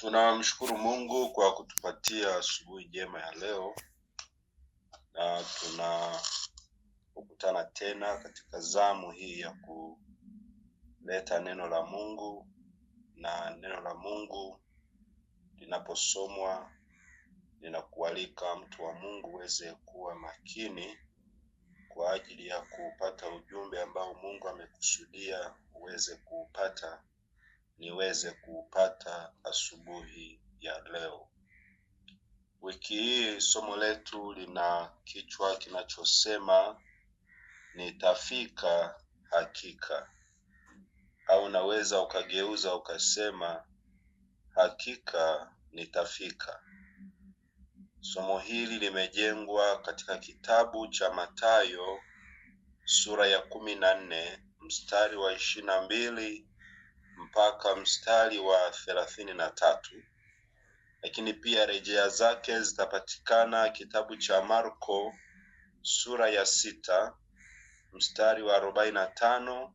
Tunamshukuru Mungu kwa kutupatia asubuhi njema ya leo na tunakutana tena katika zamu hii ya kuleta neno la Mungu, na neno la Mungu linaposomwa linakualika mtu wa Mungu uweze kuwa makini kwa ajili ya kupata ujumbe ambao Mungu amekusudia uweze kuupata niweze kuupata asubuhi ya leo. Wiki hii somo letu lina kichwa kinachosema nitafika hakika, au unaweza ukageuza ukasema hakika nitafika. Somo hili limejengwa katika kitabu cha Mathayo sura ya kumi na nne mstari wa ishirini na mbili mpaka mstari wa thelathini na tatu lakini pia rejea zake zitapatikana kitabu cha Marko sura ya sita mstari wa arobaini na tano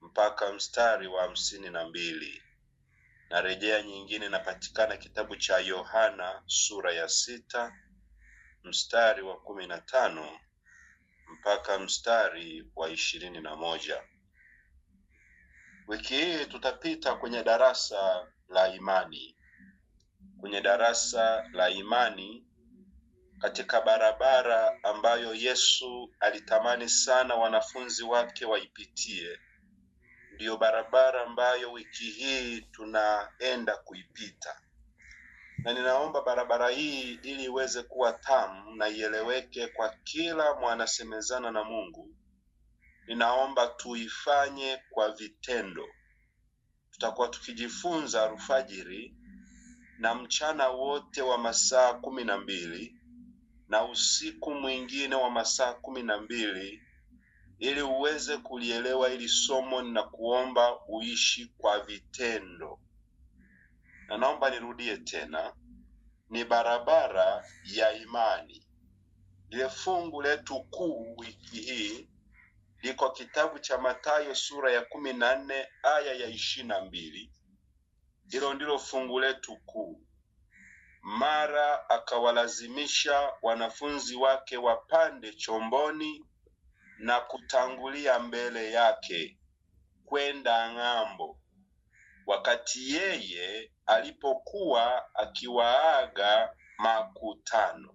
mpaka mstari wa hamsini na mbili na rejea nyingine inapatikana kitabu cha Yohana sura ya sita mstari wa kumi na tano mpaka mstari wa ishirini na moja. Wiki hii tutapita kwenye darasa la imani, kwenye darasa la imani katika barabara ambayo Yesu alitamani sana wanafunzi wake waipitie. Ndiyo barabara ambayo wiki hii tunaenda kuipita, na ninaomba barabara hii ili iweze kuwa tamu na ieleweke kwa kila mwanasemezana na Mungu ninaomba tuifanye kwa vitendo. Tutakuwa tukijifunza alfajiri na mchana wote wa masaa kumi na mbili na usiku mwingine wa masaa kumi na mbili ili uweze kulielewa ili somo na kuomba uishi kwa vitendo. Na naomba nirudie tena, ni barabara ya imani, ndiye fungu letu kuu wiki hii liko kitabu cha Mathayo sura ya kumi na nne aya ya ishirini na mbili. Hilo ndilo fungu letu kuu. Mara akawalazimisha wanafunzi wake wapande chomboni na kutangulia mbele yake kwenda ng'ambo. Wakati yeye alipokuwa akiwaaga makutano,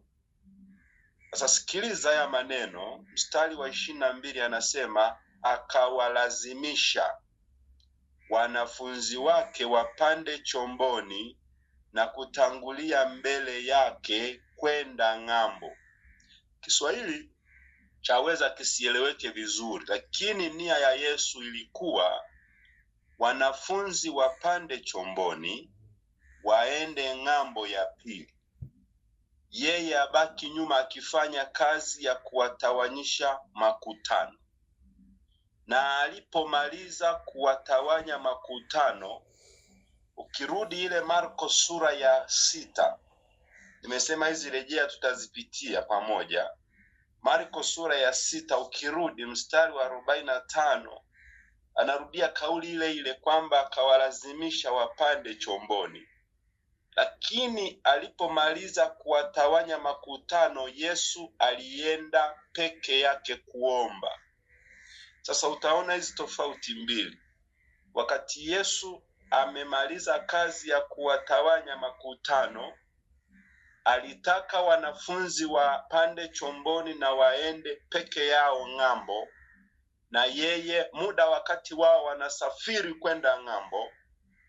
sasa sikiliza haya maneno, mstari wa ishirini na mbili anasema akawalazimisha wanafunzi wake wapande chomboni na kutangulia mbele yake kwenda ng'ambo. Kiswahili chaweza kisieleweke vizuri, lakini nia ya Yesu ilikuwa wanafunzi wapande chomboni waende ng'ambo ya pili yeye abaki nyuma akifanya kazi ya kuwatawanyisha makutano. Na alipomaliza kuwatawanya makutano, ukirudi ile Marko sura ya sita, nimesema hizi rejea tutazipitia pamoja. Marko sura ya sita, ukirudi mstari wa arobaini na tano anarudia kauli ile ile kwamba akawalazimisha wapande chomboni lakini alipomaliza kuwatawanya makutano, Yesu alienda peke yake kuomba. Sasa utaona hizi tofauti mbili. Wakati Yesu amemaliza kazi ya kuwatawanya makutano, alitaka wanafunzi wapande chomboni na waende peke yao ng'ambo, na yeye muda wakati wao wanasafiri kwenda ng'ambo,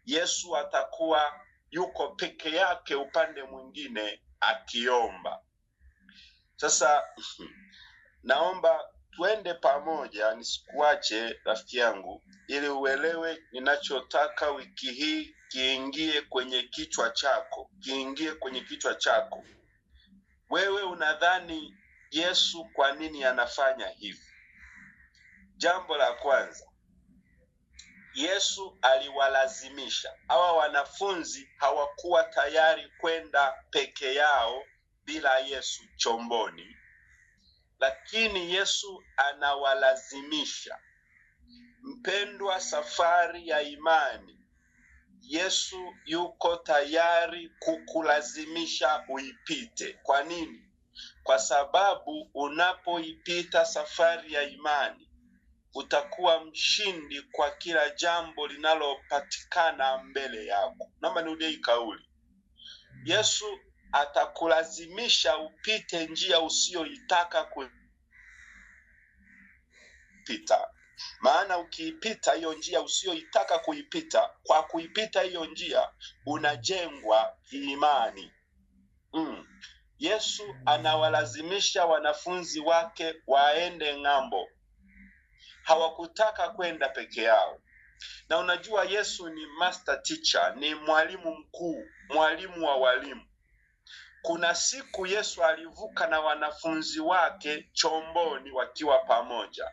Yesu atakuwa yuko peke yake upande mwingine akiomba. Sasa naomba tuende pamoja, nisikuache rafiki yangu, ili uelewe ninachotaka wiki hii kiingie kwenye kichwa chako, kiingie kwenye kichwa chako. Wewe unadhani Yesu kwa nini anafanya hivi? Jambo la kwanza, Yesu aliwalazimisha. Hawa wanafunzi hawakuwa tayari kwenda peke yao bila Yesu chomboni, lakini Yesu anawalazimisha. Mpendwa, safari ya imani, Yesu yuko tayari kukulazimisha uipite. Kwa nini? Kwa sababu unapoipita safari ya imani utakuwa mshindi kwa kila jambo linalopatikana mbele yako. Naomba nirudie hii kauli, Yesu atakulazimisha upite njia usiyoitaka kuipita, maana ukiipita hiyo njia usiyoitaka kuipita, kwa kuipita hiyo njia unajengwa imani mm. Yesu anawalazimisha wanafunzi wake waende ng'ambo hawakutaka kwenda peke yao. Na unajua Yesu ni master teacher, ni mwalimu mkuu, mwalimu wa walimu. Kuna siku Yesu alivuka na wanafunzi wake chomboni wakiwa pamoja.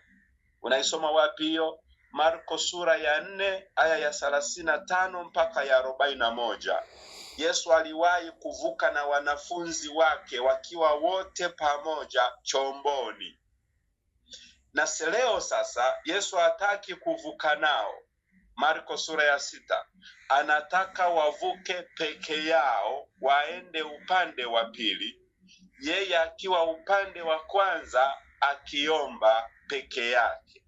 Unaisoma wapi hiyo? Marko sura ya nne aya ya thelathini tano mpaka ya arobaini na moja. Yesu aliwahi kuvuka na wanafunzi wake wakiwa wote pamoja chomboni na seleo sasa Yesu hataki kuvuka nao. Marko sura ya sita anataka wavuke peke yao, waende upande wa pili, yeye akiwa upande wa kwanza akiomba peke yake.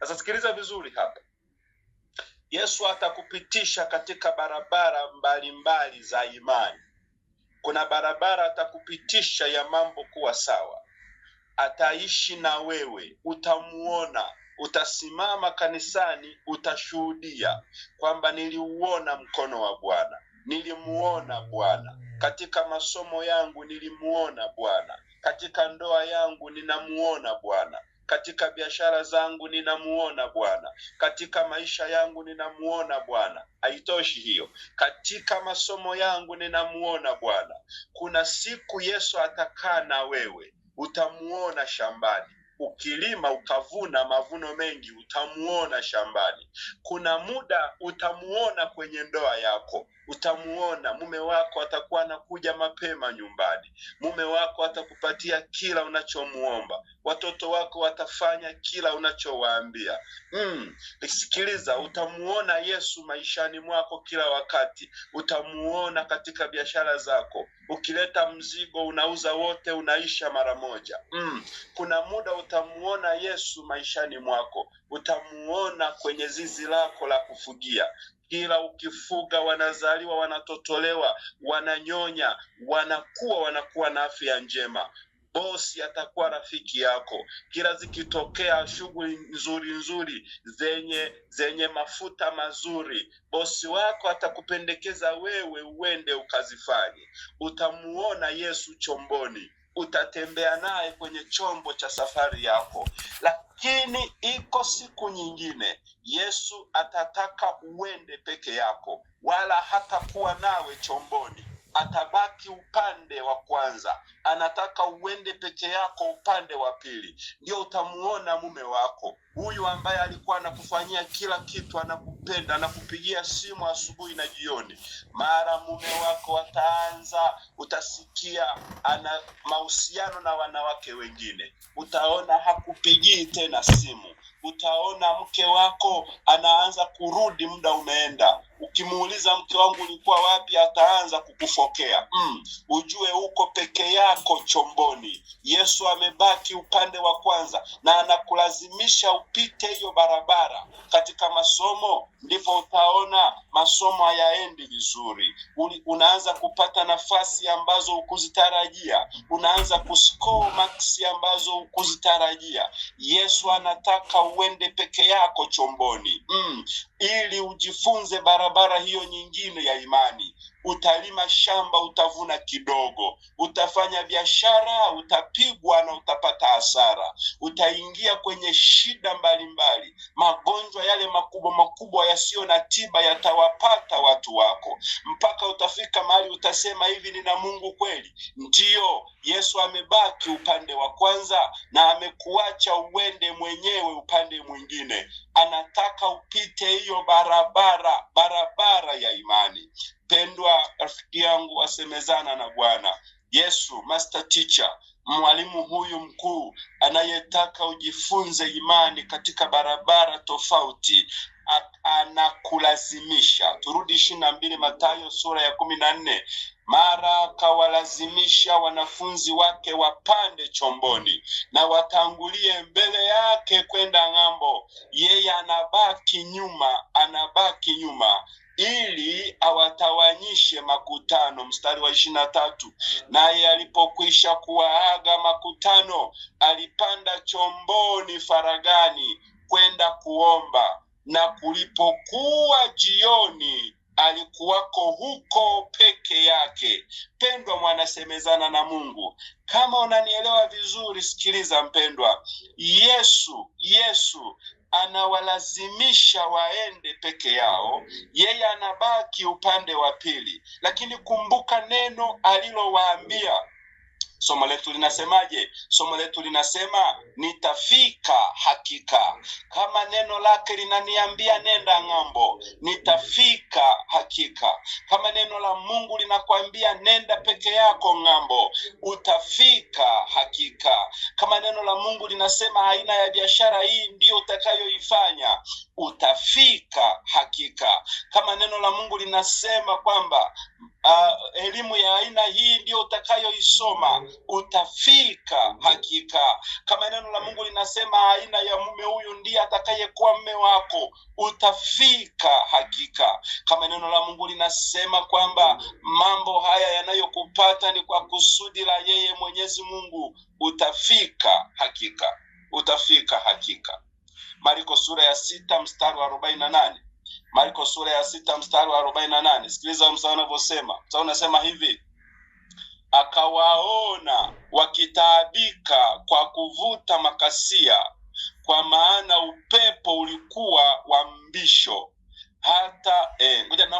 Sasa sikiliza vizuri hapa, Yesu atakupitisha katika barabara mbalimbali mbali za imani. Kuna barabara atakupitisha ya mambo kuwa sawa ataishi na wewe, utamuona, utasimama kanisani, utashuhudia kwamba niliuona mkono wa Bwana, nilimuona Bwana katika masomo yangu, nilimuona Bwana katika ndoa yangu, ninamuona Bwana katika biashara zangu ninamuona Bwana, katika maisha yangu ninamuona Bwana. Haitoshi hiyo, katika masomo yangu ninamuona Bwana. Kuna siku Yesu atakaa na wewe, utamuona shambani ukilima ukavuna mavuno mengi utamuona shambani. Kuna muda utamuona kwenye ndoa yako utamuona mume wako atakuwa anakuja mapema nyumbani, mume wako atakupatia kila unachomuomba, watoto wako watafanya kila unachowaambia. Mm, sikiliza, utamuona Yesu maishani mwako kila wakati, utamuona katika biashara zako. Ukileta mzigo unauza wote, unaisha mara moja. Mm, kuna muda utamuona Yesu maishani mwako, utamuona kwenye zizi lako la kufugia kila ukifuga wanazaliwa, wanatotolewa, wananyonya, wanakuwa, wanakuwa na afya njema. Bosi atakuwa rafiki yako. Kila zikitokea shughuli nzuri nzuri zenye zenye mafuta mazuri, bosi wako atakupendekeza wewe uende ukazifanye. Utamuona Yesu chomboni utatembea naye kwenye chombo cha safari yako. Lakini iko siku nyingine Yesu atataka uende peke yako, wala hatakuwa nawe chomboni atabaki upande wa kwanza, anataka uende peke yako upande wa pili. Ndio utamuona mume wako huyu ambaye alikuwa anakufanyia kila kitu, anakupenda, anakupigia simu asubuhi na jioni. Mara mume wako ataanza, utasikia ana mahusiano na wanawake wengine, utaona hakupigii tena simu, utaona mke wako anaanza kurudi, muda umeenda ukimuuliza mke wangu ulikuwa wapi, ataanza kukufokea mm. Ujue uko peke yako chomboni. Yesu amebaki upande wa kwanza na anakulazimisha upite hiyo barabara. Katika masomo ndipo utaona masomo hayaendi vizuri, unaanza kupata nafasi ambazo hukuzitarajia, unaanza kuskoo maksi ambazo hukuzitarajia. Yesu anataka uende peke yako chomboni mm. ili ujifunze barabara barabara hiyo nyingine ya imani utalima shamba, utavuna kidogo, utafanya biashara, utapigwa na utapata hasara, utaingia kwenye shida mbalimbali. Magonjwa yale makubwa makubwa yasiyo na tiba yatawapata watu wako, mpaka utafika mahali utasema hivi, nina Mungu kweli? Ndiyo, Yesu amebaki upande wa kwanza na amekuacha uende mwenyewe upande mwingine. Anataka upite hiyo barabara, barabara ya imani mpendwa rafiki yangu wasemezana na bwana yesu master teacher mwalimu huyu mkuu anayetaka ujifunze imani katika barabara tofauti anakulazimisha turudi ishirini na mbili matayo sura ya kumi na nne mara akawalazimisha wanafunzi wake wapande chomboni na watangulie mbele yake kwenda ng'ambo yeye anabaki nyuma anabaki nyuma ili awatawanyishe makutano. Mstari wa ishirini na tatu, naye alipokwisha kuwaaga makutano, alipanda chomboni faragani kwenda kuomba, na kulipokuwa jioni alikuwako huko peke yake. Pendwa, mwanasemezana na Mungu. Kama unanielewa vizuri, sikiliza mpendwa, Yesu Yesu anawalazimisha waende peke yao, yeye anabaki upande wa pili. Lakini kumbuka neno alilowaambia Somo letu linasemaje? Somo letu linasema nitafika hakika. Kama neno lake linaniambia nenda ng'ambo, nitafika hakika. Kama neno la Mungu linakwambia nenda peke yako ng'ambo, utafika hakika. Kama neno la Mungu linasema aina ya biashara hii ndiyo utakayoifanya, utafika hakika. Kama neno la Mungu linasema kwamba uh, elimu ya aina hii ndiyo utakayoisoma utafika hakika kama neno la mungu linasema aina ya mume huyu ndiye atakayekuwa mme wako utafika hakika kama neno la mungu linasema kwamba mambo haya yanayokupata ni kwa kusudi la yeye mwenyezi mungu utafika hakika utafika hakika mariko sura ya sita mstari wa arobaini na nane mariko sura ya sita mstari wa arobaini na nane sikiliza msaa unavyosema msaa unasema hivi akawaona wakitaabika kwa kuvuta makasia, kwa maana upepo ulikuwa wa mbisho. Hata eh, ngoja eh,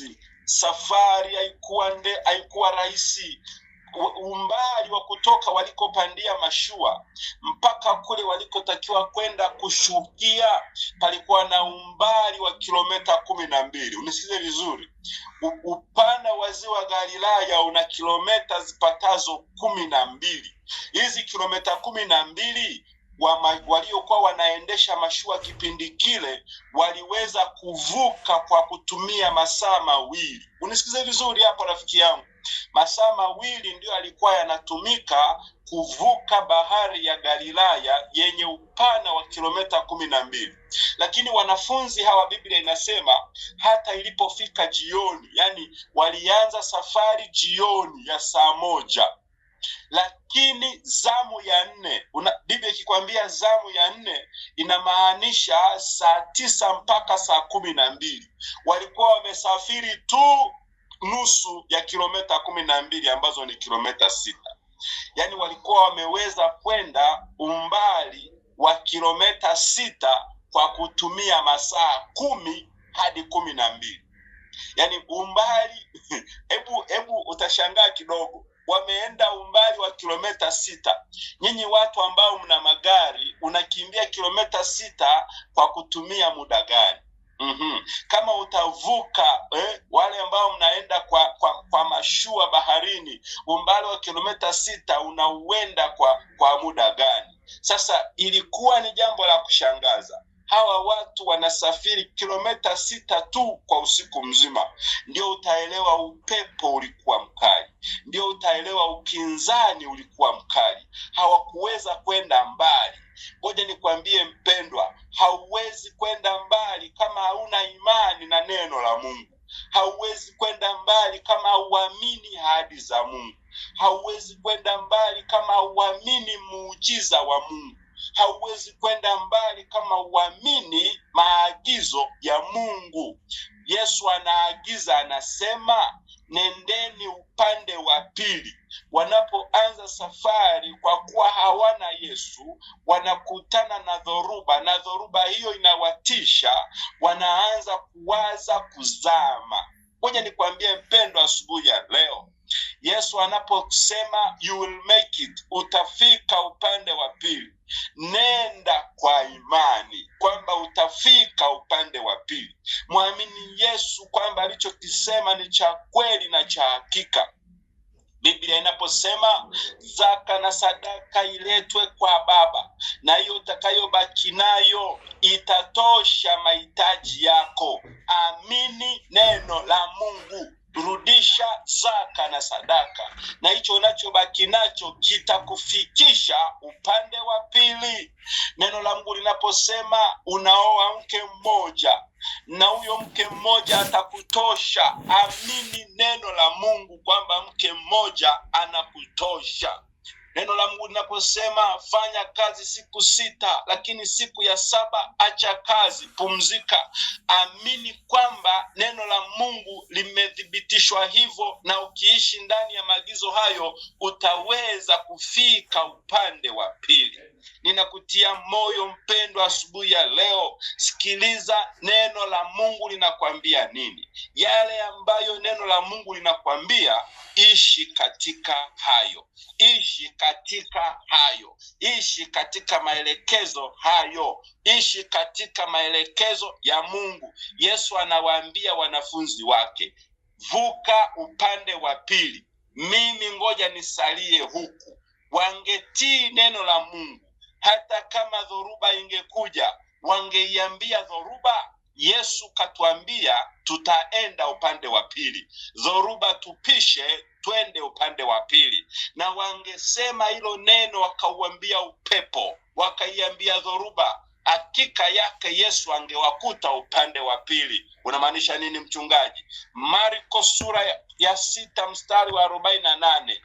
uchaguzi. Safari haikuwa nde haikuwa rahisi. Umbali wa kutoka walikopandia mashua mpaka kule walikotakiwa kwenda kushukia palikuwa na umbali wa kilomita kumi na mbili. Unisikize vizuri, upana wa ziwa Galilaya una kilomita zipatazo kumi na mbili. Hizi kilomita kumi na mbili wa waliokuwa wanaendesha mashua kipindi kile waliweza kuvuka kwa kutumia masaa mawili. Unisikize vizuri hapo rafiki yangu, masaa mawili ndiyo yalikuwa yanatumika kuvuka bahari ya Galilaya yenye upana wa kilometa kumi na mbili. Lakini wanafunzi hawa, Biblia inasema hata ilipofika jioni, yani walianza safari jioni ya saa moja lakini zamu ya nne bibi ikikwambia zamu ya nne inamaanisha saa tisa mpaka saa kumi na mbili walikuwa wamesafiri tu nusu ya kilometa kumi na mbili ambazo ni kilometa sita yaani walikuwa wameweza kwenda umbali wa kilometa sita kwa kutumia masaa kumi hadi kumi na mbili yaani umbali hebu hebu utashangaa kidogo wameenda umbali wa kilomita sita. Nyinyi watu ambao mna magari, unakimbia kilomita sita kwa kutumia muda gani? Mm -hmm. Kama utavuka eh, wale ambao mnaenda kwa, kwa, kwa mashua baharini umbali wa kilomita sita unauenda kwa, kwa muda gani? Sasa ilikuwa ni jambo la kushangaza hawa watu wanasafiri kilomita sita tu kwa usiku mzima. Ndio utaelewa upepo ulikuwa mkali, ndio utaelewa upinzani ulikuwa mkali. Hawakuweza kwenda mbali. Ngoja nikwambie mpendwa, hauwezi kwenda mbali kama hauna imani na neno la Mungu. Hauwezi kwenda mbali kama hauamini ahadi za Mungu. Hauwezi kwenda mbali kama hauamini muujiza wa Mungu hauwezi kwenda mbali kama uamini maagizo ya Mungu. Yesu anaagiza, anasema nendeni upande wa pili. Wanapoanza safari, kwa kuwa hawana Yesu, wanakutana na dhoruba, na dhoruba hiyo inawatisha, wanaanza kuwaza kuzama. Ngoja nikwambie mpendo, asubuhi ya leo Yesu anaposema you will make Biblia inaposema zaka na sadaka iletwe kwa Baba, na hiyo utakayobaki nayo itatosha mahitaji yako. Amini neno la Mungu. Rudisha zaka na sadaka, na hicho unachobaki nacho kitakufikisha upande wa pili. Neno la Mungu linaposema unaoa mke mmoja na huyo mke mmoja atakutosha. Amini neno la Mungu kwamba mke mmoja anakutosha. Neno la Mungu linaposema fanya kazi siku sita, lakini siku ya saba acha kazi, pumzika. Amini kwamba neno la Mungu limethibitishwa hivyo, na ukiishi ndani ya maagizo hayo utaweza kufika upande wa pili ninakutia moyo mpendwa, asubuhi ya leo, sikiliza neno la Mungu linakwambia nini, yale ambayo neno la Mungu linakwambia ishi katika hayo, ishi katika hayo, ishi katika maelekezo hayo, ishi katika maelekezo ya Mungu. Yesu anawaambia wanafunzi wake, vuka upande wa pili, mimi ngoja nisalie huku. Wangetii neno la Mungu hata kama dhoruba ingekuja, wangeiambia dhoruba, Yesu katuambia tutaenda upande wa pili, dhoruba tupishe, twende upande wa pili. Na wangesema hilo neno, wakauambia upepo, wakaiambia dhoruba, hakika yake Yesu angewakuta upande wa pili. Unamaanisha nini mchungaji? Marko sura ya sita mstari wa arobaini na nane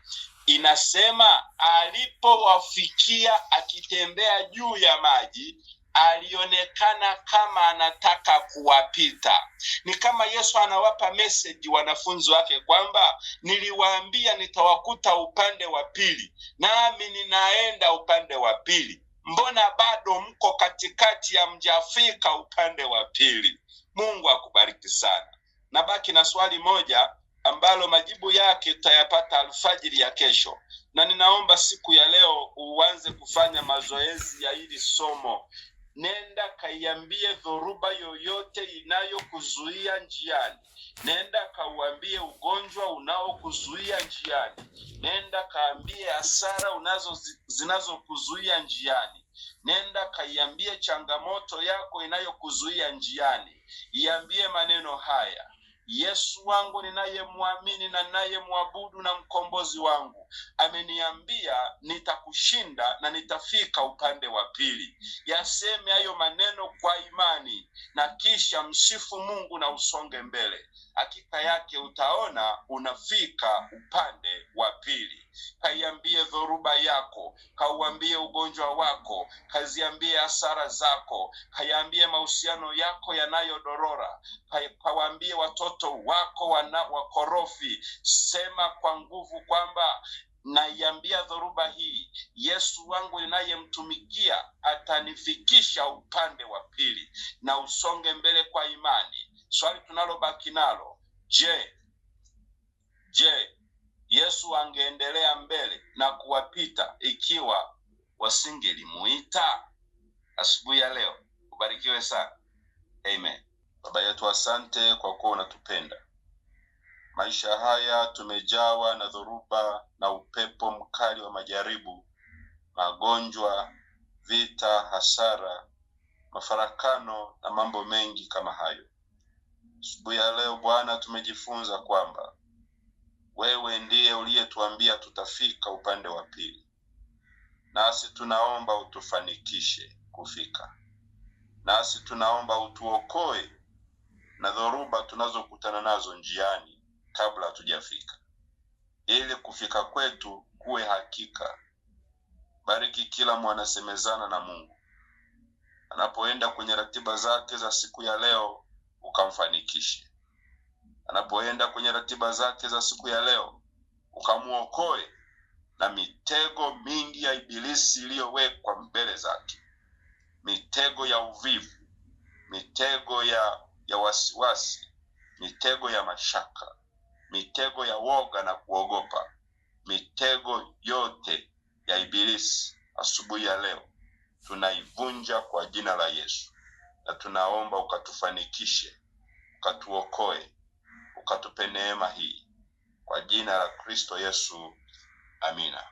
inasema alipowafikia akitembea juu ya maji alionekana kama anataka kuwapita. Ni kama Yesu anawapa meseji wanafunzi wake kwamba niliwaambia nitawakuta upande wa pili, nami ninaenda upande wa pili. Mbona bado mko katikati ya mjafika upande wa pili? Mungu akubariki sana. Nabaki na swali moja, ambalo majibu yake utayapata alfajiri ya kesho, na ninaomba siku ya leo uanze kufanya mazoezi ya hili somo. Nenda kaiambie dhoruba yoyote inayokuzuia njiani. Nenda kauambie ugonjwa unaokuzuia njiani. Nenda kaambie hasara zinazokuzuia njiani. Nenda kaiambie changamoto yako inayokuzuia njiani. Iambie maneno haya Yesu wangu ninayemwamini na naye mwabudu na mkombozi wangu ameniambia nitakushinda na nitafika upande wa pili. Yaseme hayo maneno kwa imani, na kisha msifu Mungu na usonge mbele. Hakika yake utaona unafika upande wa pili. Kaiambie dhoruba yako, kauambie ugonjwa wako, kaziambie hasara zako, kaiambie mahusiano yako yanayodorora, kawaambie watoto wako wana wakorofi. Sema kwa nguvu kwamba naiambia dhoruba hii, Yesu wangu ninayemtumikia atanifikisha upande wa pili. Na usonge mbele kwa imani. Swali tunalobaki nalo, je, je, Yesu angeendelea mbele na kuwapita ikiwa wasingelimuita? Asubuhi ya leo ubarikiwe sana, amen. Baba yetu, asante kwa kuwa unatupenda Maisha haya tumejawa na dhoruba na upepo mkali wa majaribu, magonjwa, vita, hasara, mafarakano na mambo mengi kama hayo. Asubuhi ya leo Bwana, tumejifunza kwamba wewe ndiye uliyetuambia tutafika upande wa pili, nasi tunaomba utufanikishe kufika, nasi tunaomba utuokoe na dhoruba tunazokutana nazo njiani kabla hatujafika, ili kufika kwetu kuwe hakika. Bariki kila mwanasemezana na Mungu anapoenda kwenye ratiba zake za siku ya leo, ukamfanikishe anapoenda kwenye ratiba zake za siku ya leo, ukamuokoe na mitego mingi ya Ibilisi iliyowekwa mbele zake, mitego ya uvivu, mitego ya ya wasiwasi, mitego ya mashaka mitego ya woga na kuogopa, mitego yote ya Ibilisi asubuhi ya leo tunaivunja kwa jina la Yesu, na tunaomba ukatufanikishe, ukatuokoe, ukatupe neema hii kwa jina la Kristo Yesu, amina.